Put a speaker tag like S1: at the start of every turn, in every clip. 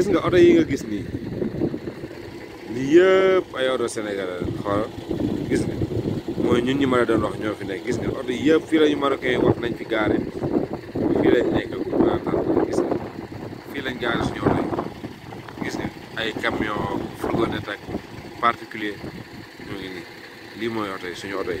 S1: gis nga oto yi nga gis nii lii yëpp ay oto Sénégal xool gis nga mooy ñun ñi mën a doon ñoo fi nekk gis nga oto yëpp fii la ñu marocain wax nañ fi gaare fii lañ nekk maanaam lañ gaare suñu oto yi gis nga ay camion fourgonnette ak particulier ñu ngi nii lii mooy oto yi suñu oto yi.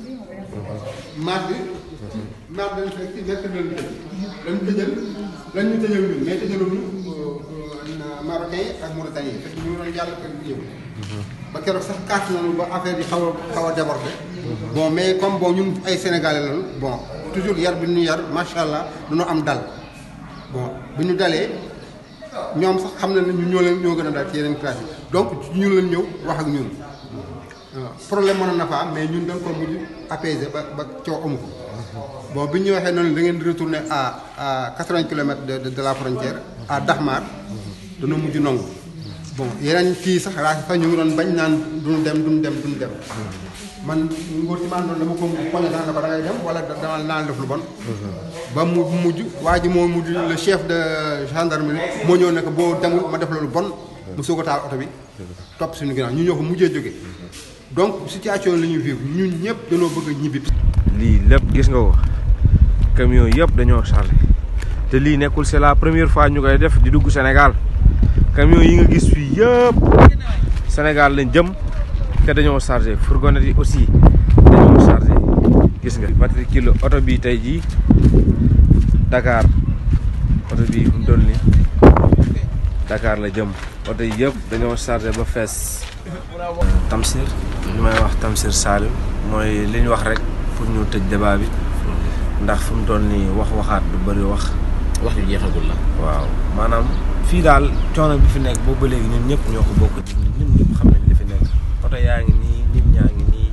S2: mardi mardi lañ fekk ñett lañ tëj lañ tëjal lañ ñu tëjal ñun mais tëjaluñu euh, marocain ak mauritanien fekk ñu doon jàll kër bi ñëw ba keroog sax kaas nañu ba affaire yi xaw a xaw a débordé bon mais comme bon ñun ay sénégalais lañu bon toujours yar bi ñu yar macha allah dañoo am dal bon bu ñu dalee ñoom sax xam na ne ñun ñoo leen ñoo gën a daal ci yeneen classe yi donc ñu leen ñëw wax ak ñun problème mënoon na fa am mais ñun dañ ko mujj apaiser ba ba coow amu ko. bi ñuy waxee noonu da ngeen retourner à à quatre-vingts kilomètres de de la frontière. à Daxmar. dana mujj nangu. bon yeneen fii sax raas sax ñu ngi doon bañ naan duñu dem duñu dem duñu dem. man ngóor ci maanaam dama ko poñe daan na ko ba mu mujj waa ji moo mujj le chef de gendarmerie moo ñëw ne boo demul ma def la lu bon. mu soog a bi. topp suñu ginnaaw ñu ñoo ko mujjee jógee. donc situation la ñuy vivre ñun ñëpp dañoo bëgg a
S1: lii lépp gis nga ko camion yëpp dañoo chargé te lii nekkul c'est la première fois ñu koy def di dugg Sénégal camion yi nga gis fii yëpp Sénégal lañ jëm te dañoo chargé fourgonnette yi aussi dañoo chargé gis nga. matricule oto bi tey jii Dakar oto bi fu mu toll nii la jëm oto yi dañoo chargé ba fees Tamsir. li may wax Tamsir Salim mooy li ñu wax rek pour ñu tëj débat bi ndax fu mu toll nii wax waxaat du bëri wax. wax yu jeexagul la. waaw maanaam fii daal coono bi fi nekk boobu ba léegi ñun ñëpp ñoo ko bokk ñun ñëpp xam nañ li fi nekk oto yaa ngi nii nit ñaa ngi nii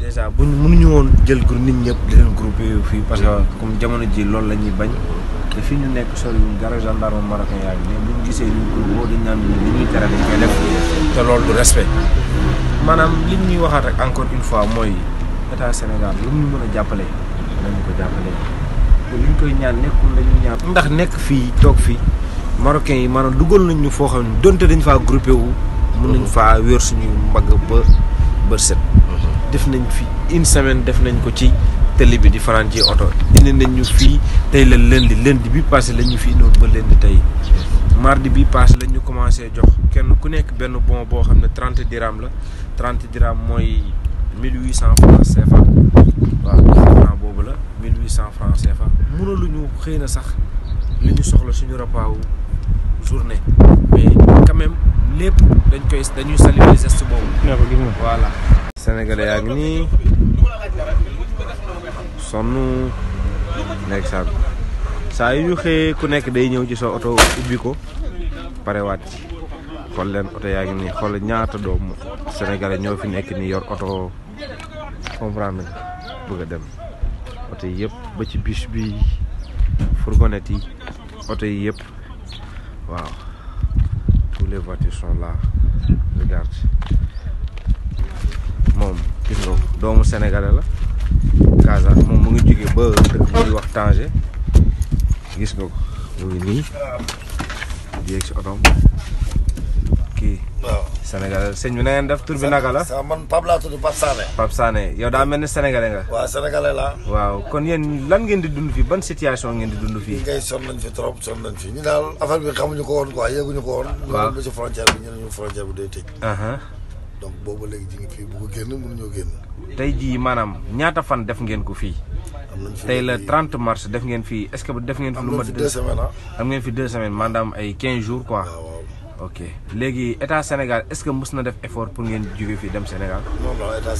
S1: dèjà buñ mënuñu woon jël groupe nit ñëpp di leen groupé fii parce que comme jamono ji loolu la ñuy bañ. te ñu nekk soriwuñ dara gendarme marocain yaa ngi ne bu ñu gisee ñu ko woo dañ naan li ñuy tere dañ koy def te lool du respect maanaam li ñuy waxaat ak encore une fois mooy état Sénégal lu mu ñu mën a jàppale nañu ko jàppale te ñu koy ñaan nekkul dañuy ñaan ndax nekk fii toog fii marocain yi maanaam dugal nañ ñu foo xam ne donte dañ faa groupé wu mun nañ faa wér suñuy mbagg ba bërset mhm. def nañ fi une semaine def nañ ko ci tëli bi di fanaan ci oto indi nañ ñu fii tey la lundi lundi bi passé la ñu fii noonu ba lundi tey mardi bi passé la ñu commencé jox kenn ku nekk benn bon boo xam ne trente dirham la trente dirham mooy mille huit cent francs CFA waaw boobu la mille huit cent francs lu ñu xëy na sax li ñu soxla suñu repas wu journée mais quand lépp dañ koy dañuy saluer geste boobu voilà sénégalais yaa ngi nii sonn nekk saan saa yu ñu xëyee ku nekk day ñëw ci sa oto ubbi ko parewaat ci xool leen oto yaa ngi nii xool ñaata doomu sénégalais ñoo fi nekk nii yor oto comprendre nga dem oto yi yëpp ba ci bis bi fourgonnette yi oto yi yëpp waaw tous les voitures sont là regarde moom gis nga doomu sénégalais la Casa moom mu ngi jóge ba dëkk bu ñuy wax Tanger gis nga ko mu ngi nii di yegg si otoom kii. waaw Sénégal sëñ bi def tur bi naka la. sa
S3: man Pape laa tudd Pape Sané.
S1: Pape mel ni sénégalais nga. waaw kon yéen lan ngeen di dund fii ban situation ngeen di dund fii. ngay
S3: sonn nañ fi trop sonn ñu daal affaire bi xamuñu ko woon ko woon. ñu ci frontière bi ñu donc boobu léegi ji ngi fii bu ko génn mënuñoo génn.
S1: tey jii maanaam ñaata fan def ngeen ko fii. tey la trente mars def ngeen fii est-ce def ngeen. fi lu mat deux ah. fi deux semaines maanaam ay 15 jours quoi. ok léegi état Sénégal est-ce que mës na def effort pour ngeen jóge fii dem Sénégal.
S3: non non état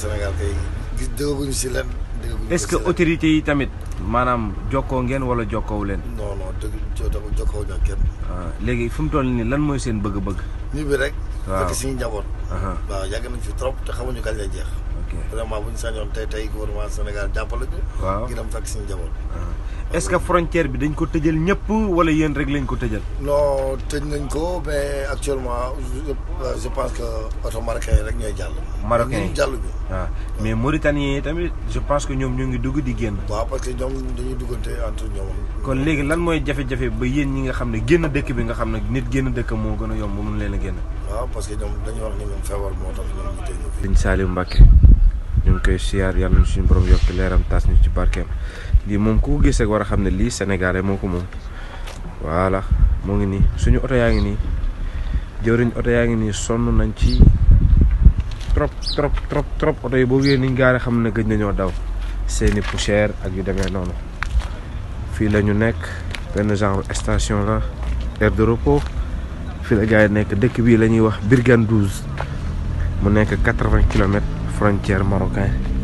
S3: est-ce que
S1: autorités yi tamit maanaam jokkoo ngeen wala jokkoowu leen.
S3: non non dëgg jokkoo ñoo kenn.
S1: Ah, léegi fu mu toll nii lan mooy seen bëgg-bëgg.
S3: nii bi rek. waaw fekk suñu njaboot. waaw yàgg nañ fi trop te xamuñu kañ lay jeex. ok vraiment bu ñu sañoon tey tey gouvernement Sénégal jàppale ñu. waaw ngir am fekk suñu njaboot. Ah.
S1: est-ce que frontière bi dañ ko tëjal ñëpp wala yéen rek lañ ko tëjal.
S3: non tëj nañ ko mais actuellement je euh, pense que oto marocain rek ñooy jàll. marocain yi jàll bi.
S1: waaw ah, mais Mauritanie yi tamit je pense que ñoom ñoo ngi dugg di génn.
S3: waaw parce que ñoom dañuy duggante entre ñoom. kon léegi
S1: lan mooy jafe-jafe ba yéen ñi nga xam ne génn dëkk bi nga xam ne nit génn dëkk moo gën a yomb ba mun leen a génn.
S3: waaw parce que ñoom dañuy wax ni ñoom feebar moo tax ñoom ñu tëj.
S1: sëñ Saliou Mbacke. ngi koy siyaar yàlla suñu borom yokk leeram tas ñu ci barkem lii moom ku gis ak war a xam ne lii sénégalais moo ko moom voilà moo ngi nii suñu oto yaa nañ ci trop trop trop trop oto yi boo gara niñ gaare xam ne gëj nañoo daw seeni poussière ak yu demee noonu fii la ñu nekk benn genre station la aire de repos fii la gars yi nekk dëkk bii wax 12 mu 80 Frontier Марокко.